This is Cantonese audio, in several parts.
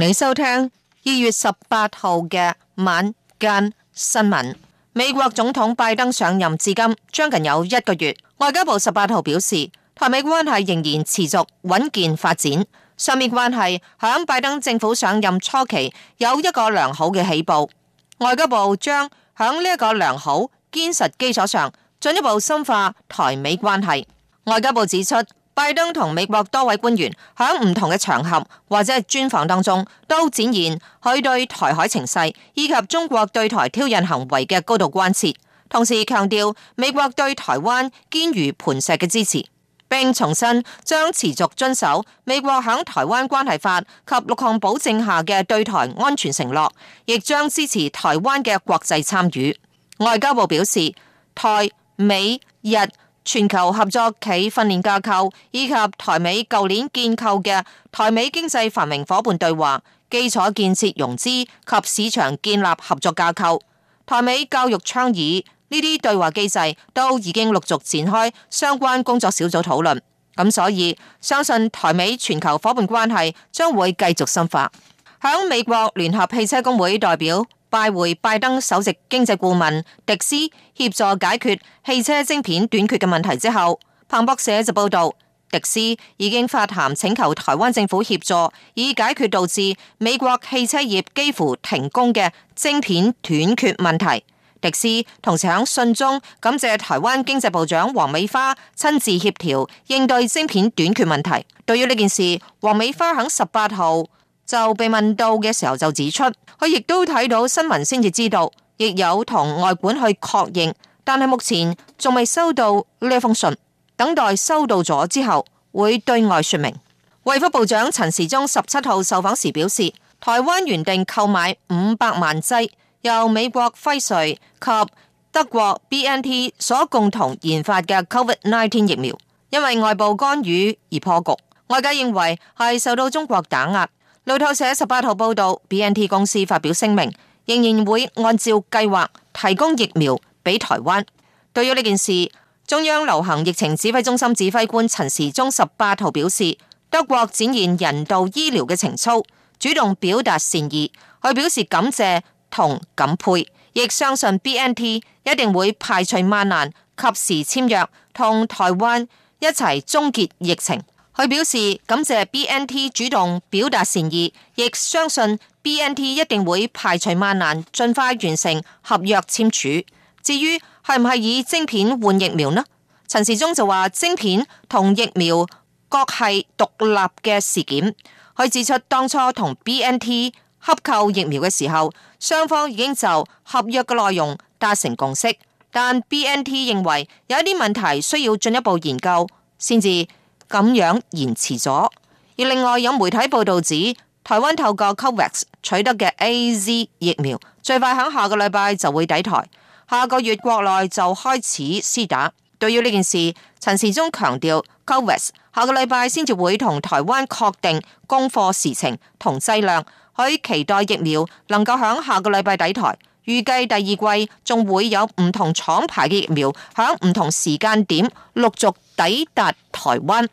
你收聽二月十八號嘅晚間新聞。美國總統拜登上任至今將近有一個月，外交部十八號表示，台美關係仍然持續穩健發展。上面關係響拜登政府上任初期有一個良好嘅起步，外交部將響呢一個良好堅實基礎上進一步深化台美關係。外交部指出，拜登同美國多位官員喺唔同嘅場合或者係專訪當中，都展現佢對台海情勢以及中國對台挑釁行為嘅高度關切，同時強調美國對台灣堅如磐石嘅支持，並重申將持續遵守美國喺《台灣關係法》及六項保證下嘅對台安全承諾，亦將支持台灣嘅國際參與。外交部表示，台美日。全球合作企訓練架構，以及台美舊年建構嘅台美經濟繁榮夥伴對話、基礎建設融資及市場建立合作架構，台美教育倡議呢啲對話機制都已經陸續展開相關工作小組討論，咁所以相信台美全球夥伴關係將會繼續深化。響美國聯合汽車工會代表，拜會拜登首席經濟顧問迪斯協助解決汽車晶片短缺嘅問題之後，彭博社就報道迪斯已經發函請求台灣政府協助，以解決導致美國汽車業幾乎停工嘅晶片短缺問題。迪斯同時喺信中感謝台灣經濟部長王美花親自協調應對晶片短缺問題。對於呢件事，王美花響十八號。就被問到嘅時候，就指出佢亦都睇到新聞先至知道，亦有同外館去確認，但係目前仲未收到呢一封信，等待收到咗之後會對外説明。衞福部長陳時中十七號受訪時表示，台灣原定購買五百萬劑由美國輝瑞及德國 BNT 所共同研發嘅 COVID-19 疫苗，因為外部干預而破局，外界認為係受到中國打壓。路透社十八號報道，BNT 公司發表聲明，仍然會按照計劃提供疫苗俾台灣。對於呢件事，中央流行疫情指揮中心指揮官陳時中十八號表示，德國展現人道醫療嘅情操，主動表達善意，佢表示感謝同感佩，亦相信 BNT 一定會排除萬難，及時簽約，同台灣一齊終結疫情。佢表示感謝 B N T 主動表達善意，亦相信 B N T 一定會排除萬難，盡快完成合約簽署。至於係唔係以晶片換疫苗呢？陳時中就話晶片同疫苗各係獨立嘅事件。佢指出當初同 B N T 合購疫苗嘅時候，雙方已經就合約嘅內容達成共識，但 B N T 認為有一啲問題需要進一步研究先至。咁樣延遲咗。而另外有媒體報道指，台灣透過 COVAX 取得嘅 AZ 疫苗，最快喺下個禮拜就會抵台，下個月國內就開始施打。對於呢件事，陳時中強調，COVAX 下個禮拜先至會同台灣確定供貨時程同劑量，佢期待疫苗能夠喺下個禮拜抵台。預計第二季仲會有唔同廠牌嘅疫苗喺唔同時間點陸續抵達台灣。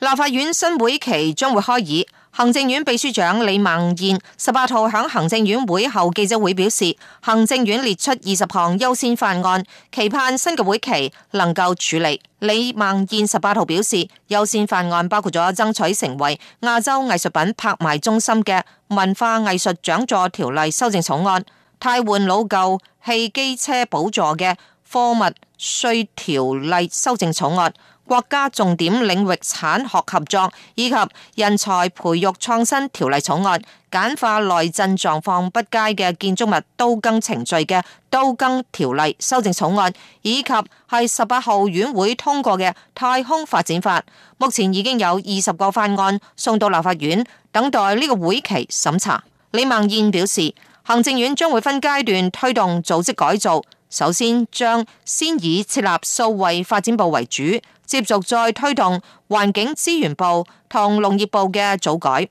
立法院新會期將會開議，行政院秘書長李孟燕十八號喺行政院會後記者會表示，行政院列出二十項優先法案，期盼新嘅會期能夠處理。李孟燕十八號表示，優先法案包括咗爭取成為亞洲藝術品拍賣中心嘅文化藝術獎助條例修正草案、替換老舊汽機車補助嘅貨物稅條例修正草案。國家重點領域產學合作以及人才培育創新條例草案，簡化耐震狀況不佳嘅建築物都更程序嘅都更條例修正草案，以及係十八號院會通過嘅太空發展法。目前已經有二十個法案送到立法院等待呢個會期審查。李孟諺表示，行政院將會分階段推動組織改造，首先將先以設立數位發展部為主。接續再推動環境資源部同農業部嘅早改。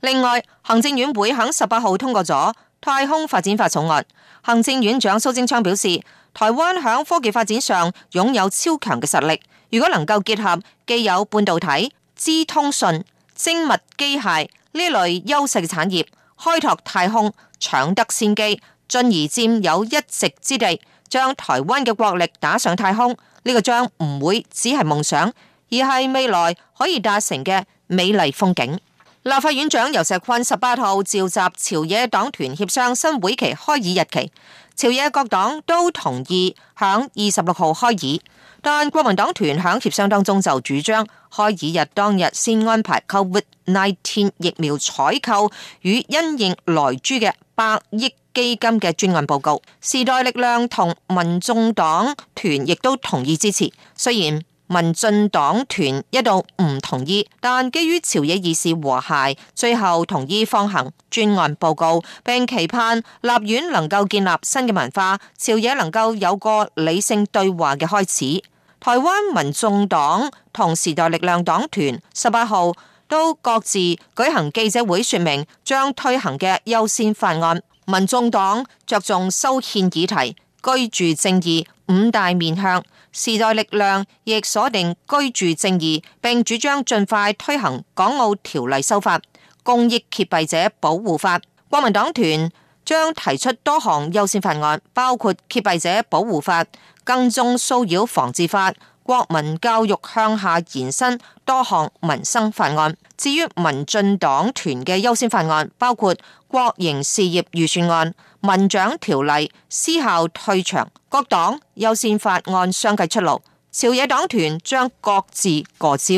另外，行政院會響十八號通過咗太空發展法草案。行政院長蘇貞昌表示，台灣響科技發展上擁有超強嘅實力，如果能夠結合既有半導體、資通訊、精密機械呢類優勢產業，開拓太空，搶得先機，進而佔有一席之地。將台灣嘅國力打上太空，呢個將唔會只係夢想，而係未來可以達成嘅美麗風景。立法院長游錫堃十八號召集朝野黨團協商新會期開議日期，朝野各黨都同意響二十六號開議，但國民黨團響協商當中就主張開議日當日先安排 COVID nineteen 疫苗採購與因應萊豬嘅百億。基金嘅專案報告，時代力量同民眾黨團亦都同意支持，雖然民進黨團一度唔同意，但基於朝野議事和諧，最後同意放行專案報告，並期盼立院能夠建立新嘅文化，朝野能夠有個理性對話嘅開始。台灣民眾黨同時代力量黨團十八號都各自舉行記者會，說明將推行嘅優先法案。民眾黨着重修憲議題、居住正義五大面向，時代力量亦鎖定居住正義，並主張盡快推行《港澳條例》修法、《公益揭弊者保護法》。國民黨團將提出多項優先法案，包括《揭弊者保護法》、《跟蹤騷擾防治法》。國民教育向下延伸多項民生法案。至於民進黨團嘅優先法案，包括國營事業預算案、民長條例、私校退場，各黨優先法案相繼出爐。朝野黨團將各自過招。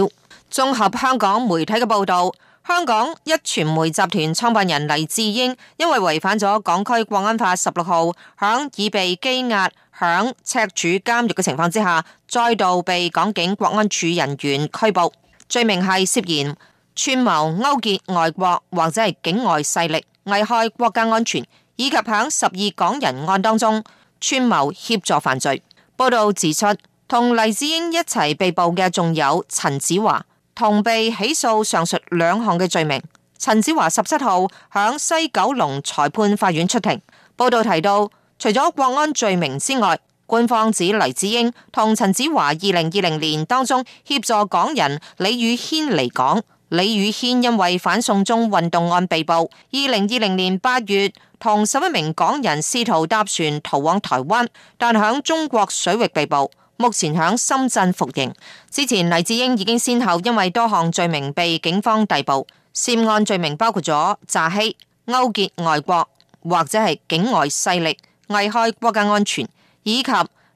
綜合香港媒體嘅報道，香港一傳媒集團創辦人黎智英因為違反咗港區國安法十六號，響已被羈押。響赤柱監獄嘅情況之下，再度被港警國安處人員拘捕，罪名係涉嫌串謀勾結外國或者係境外勢力，危害國家安全，以及響十二港人案當中串謀協助犯罪。報道指出，同黎智英一齊被捕嘅仲有陳子華，同被起訴上述兩項嘅罪名。陳子華十七號響西九龍裁判法院出庭。報道提到。除咗國安罪名之外，官方指黎智英同陳子華二零二零年當中協助港人李宇軒離港。李宇軒因為反送中運動案被捕，二零二零年八月同十一名港人試圖搭船逃往台灣，但響中國水域被捕，目前響深圳服刑。之前黎智英已經先後因為多項罪名被警方逮捕，涉案罪名包括咗詐欺、勾結外國或者係境外勢力。危害國家安全以及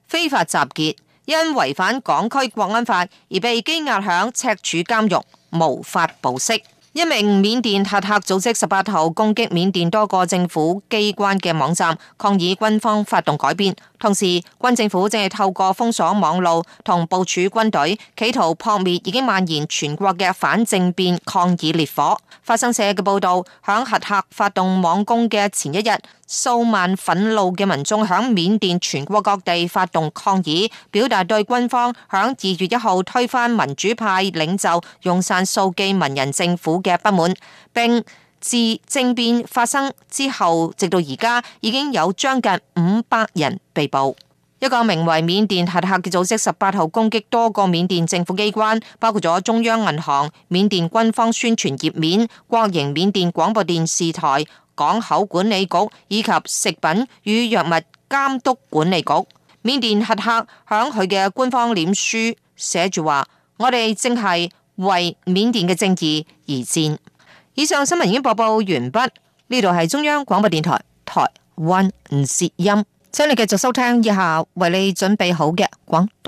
非法集結，因違反港區國安法而被羈押響赤柱監獄，無法保釋。一名緬甸黑客組織十八號攻擊緬甸多個政府機關嘅網站，抗議軍方發動改變。同時，軍政府正係透過封鎖網路同部署軍隊，企圖撲滅已經蔓延全國嘅反政變抗議烈火。發生社嘅報道響黑客發動網攻嘅前一日。數萬憤怒嘅民眾響緬甸全國各地發動抗議，表達對軍方響二月一號推翻民主派領袖、翁山蘇姬文人政府嘅不滿，並自政變發生之後直到而家，已經有將近五百人被捕。一個名為緬甸黑客嘅組織十八號攻擊多個緬甸政府機關，包括咗中央銀行、緬甸軍方宣傳頁面、國營緬甸廣播電視台。港口管理局以及食品與藥物監督管理局，緬甸黑客響佢嘅官方臉書寫住話：我哋正係為緬甸嘅正義而戰。以上新聞已經播報完畢，呢度係中央廣播電台，台灣唔攝音，請你繼續收聽以下為你準備好嘅廣。